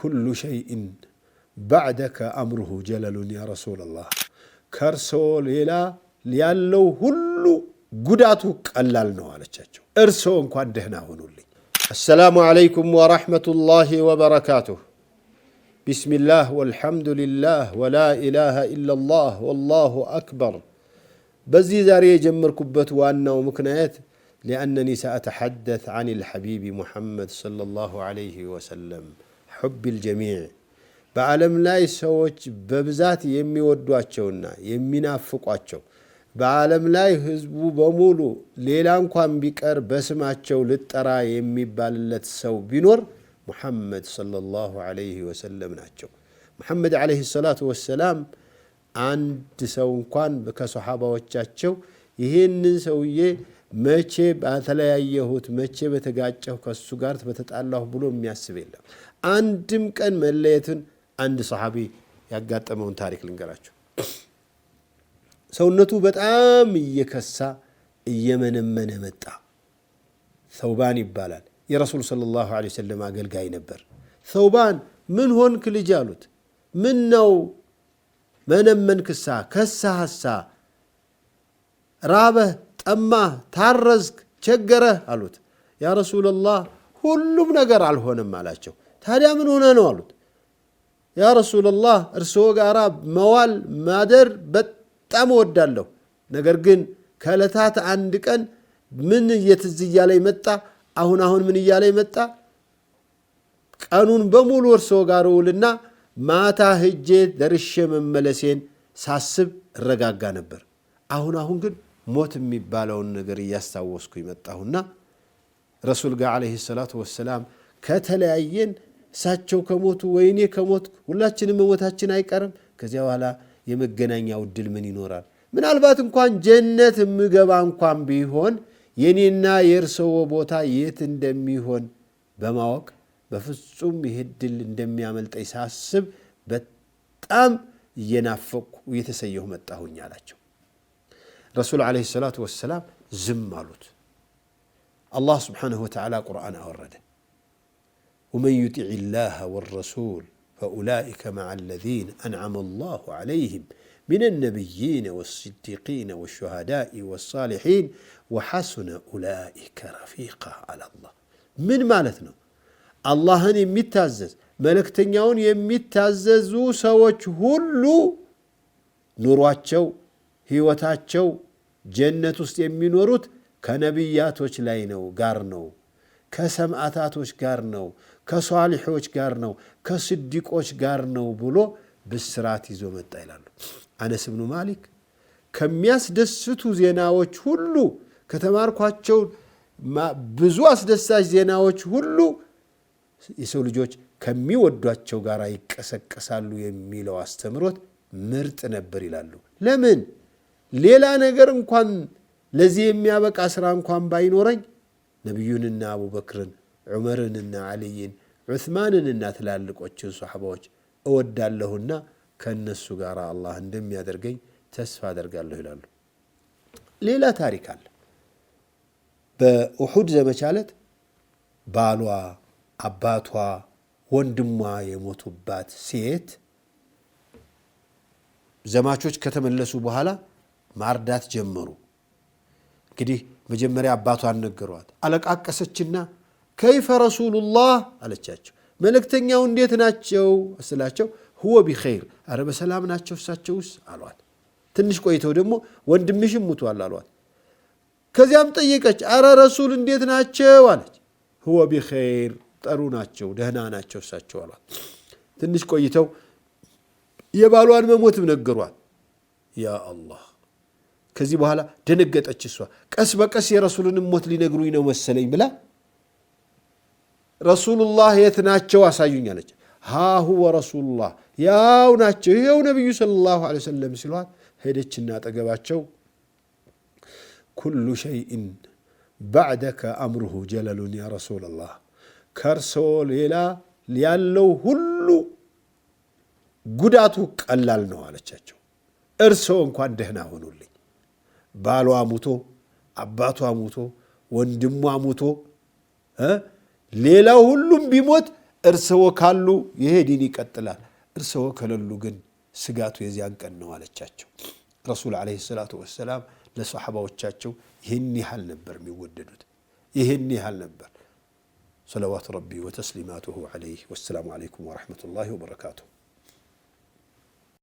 ኩሉ ሸይእን ባዕደከ አምሩሁ ጀለሉን ያ ረሱለላህ፣ ከእርሶ ሌላ ያለው ሁሉ ጉዳቱ ቀላል ነው አለቻቸው። እርሶ እንኳን ደህና ሆኑልኝ። አሰላሙ ዓለይኩም ወረሕመቱላሂ ወበረካቱሁ። ቢስሚላህ ወልሐምዱሊላህ ሊላህ ወላ ኢላሃ ኢለላህ ወላሁ አክበር። በዚህ ዛሬ የጀመርኩበት ዋናው ምክንያት ሊአነኒ ሰአተሐደት ዐን ልሐቢቢ ሙሐመድ ሰለላሁ ዓለይሂ ወሰለም ሑቢል ጀሚዕ በዓለም ላይ ሰዎች በብዛት የሚወዷቸውና የሚናፍቋቸው በዓለም ላይ ህዝቡ በሙሉ ሌላ እንኳን ቢቀር በስማቸው ልጠራ የሚባልለት ሰው ቢኖር ሙሐመድ ሰለላሁ ዐለይሂ ወሰለም ናቸው። ሙሐመድ ዐለይሂ ሰላቱ ወሰላም አንድ ሰው እንኳን ከሰሓባዎቻቸው ይህንን ሰውዬ መቼ በተለያየሁት መቼ በተጋጨሁ ከሱ ጋር በተጣላሁ ብሎ የሚያስብ የለም። አንድም ቀን መለየትን አንድ ሰሓቢ ያጋጠመውን ታሪክ ልንገራቸው። ሰውነቱ በጣም እየከሳ እየመነመነ መጣ። ሰውባን ይባላል። የረሱል ሰለላሁ ዐለይሂ ወሰለም አገልጋይ ነበር። ሰውባን ምን ሆንክ ልጅ አሉት። ምን ነው መነመንክሳ? ከሳህሳ? ራበህ ጠማ፣ ታረዝክ፣ ቸገረህ አሉት። ያ ረሱለላህ ሁሉም ነገር አልሆነም አላቸው። ታዲያ ምን ሆነ ነው አሉት። ያ ረሱለላህ እርስዎ ጋር መዋል ማደር በጣም እወዳለሁ፣ ነገር ግን ከእለታት አንድ ቀን ምን የትዝ እያለ መጣ፣ አሁን አሁን ምን እያለ መጣ። ቀኑን በሙሉ እርስዎ ጋር ውልና ማታ ህጄ ደርሼ መመለሴን ሳስብ እረጋጋ ነበር። አሁን አሁን ግን ሞት የሚባለውን ነገር እያስታወስኩ ይመጣሁና ረሱል ጋር ዓለይሂ ሰላቱ ወሰላም ከተለያየን እሳቸው ከሞቱ ወይኔ ከሞት ሁላችንም መሞታችን አይቀርም። ከዚያ በኋላ የመገናኛው እድል ምን ይኖራል? ምናልባት እንኳን ጀነት የምገባ እንኳን ቢሆን የኔና የእርሰዎ ቦታ የት እንደሚሆን በማወቅ በፍጹም ይህ እድል እንደሚያመልጠኝ ሳስብ በጣም እየናፈቅኩ እየተሰየሁ መጣሁኝ አላቸው። ረሱል ዓለይሂ ሰላቱ ወሰላም ዝም አሉት። አላህ ስብሓንሁ ወተዓላ ቁርአን አወረደ። ወመን ዩጢዕ ላህ ወረሱል ፈኡላኢከ መዓ አለዚነ አንዓመ ላሁ ዓለይህም من النبيين والصديقين والشهداء والصالحين وحسن أولئك رفيقا على الله من مالتنا አላህን የሚታዘዝ መልእክተኛውን የሚታዘዙ ሰዎች ሁሉ ኑሯቸው ህይወታቸው ጀነት ውስጥ የሚኖሩት ከነቢያቶች ላይ ነው ጋር ነው፣ ከሰማዕታቶች ጋር ነው፣ ከሷሊሖች ጋር ነው፣ ከስዲቆች ጋር ነው ብሎ ብስራት ይዞ መጣ ይላሉ አነስ ብኑ ማሊክ። ከሚያስደስቱ ዜናዎች ሁሉ ከተማርኳቸው ብዙ አስደሳች ዜናዎች ሁሉ የሰው ልጆች ከሚወዷቸው ጋር ይቀሰቀሳሉ የሚለው አስተምሮት ምርጥ ነበር ይላሉ። ለምን? ሌላ ነገር እንኳን ለዚህ የሚያበቃ ስራ እንኳን ባይኖረኝ ነቢዩንና አቡበክርን ዑመርንና አልይን ዑስማንንና ትላልቆችን ሶሐባዎች እወዳለሁና ከእነሱ ጋር አላህ እንደሚያደርገኝ ተስፋ አደርጋለሁ ይላሉ። ሌላ ታሪክ አለ። በውሑድ ዘመቻ ዕለት ባሏ፣ አባቷ፣ ወንድሟ የሞቱባት ሴት ዘማቾች ከተመለሱ በኋላ ማርዳት ጀመሩ። እንግዲህ መጀመሪያ አባቷን ነገሯት። አለቃቀሰችና ከይፈ ረሱሉላህ አለቻቸው። መልእክተኛው እንዴት ናቸው ስላቸው፣ ሁወ ቢኸይር፣ አረ በሰላም ናቸው እሳቸውስ አሏት። ትንሽ ቆይተው ደግሞ ወንድምሽም ሙቷል አሏት። ከዚያም ጠየቀች፣ አረ ረሱል እንዴት ናቸው አለች። ሁወ ቢኸይር፣ ጠሩ ናቸው፣ ደህና ናቸው እሳቸው አሏት። ትንሽ ቆይተው የባሏን መሞትም ነገሯት። ያ አላህ ከዚህ በኋላ ደነገጠች። እሷ ቀስ በቀስ የረሱልንም ሞት ሊነግሩኝ ነው መሰለኝ ብላ ረሱሉላህ የት ናቸው አሳዩኝ አለች። ሃሁወ ረሱሉላህ ያው ናቸው ይኸው ነቢዩ ሰለላሁ ዐለይሂ ወሰለም ሲሏት ሄደችና አጠገባቸው ኩሉ ሸይእን ባዕደከ አምሩሁ ጀለሉን ያ ረሱለላህ ከርሶ ሌላ ያለው ሁሉ ጉዳቱ ቀላል ነው አለቻቸው። እርሶ እንኳን ደህና ሆኑልኝ። ባሏ ሙቶ፣ አባቷ ሙቶ፣ ወንድሟ ሙቶ፣ ሌላው ሁሉም ቢሞት እርስዎ ካሉ ይሄ ዲን ይቀጥላል፣ እርስዎ ከሌሉ ግን ስጋቱ የዚያን ቀን ነው አለቻቸው። ረሱል ዓለይሂ ሰላቱ ወሰላም ለሰሓባዎቻቸው ይህን ያህል ነበር የሚወደዱት፣ ይህን ያህል ነበር። ሰለዋት ረቢ ወተስሊማቱሁ ዓለይህ። ወሰላሙ ዓለይኩም ወረሕመቱላሂ ወበረካቱሁ።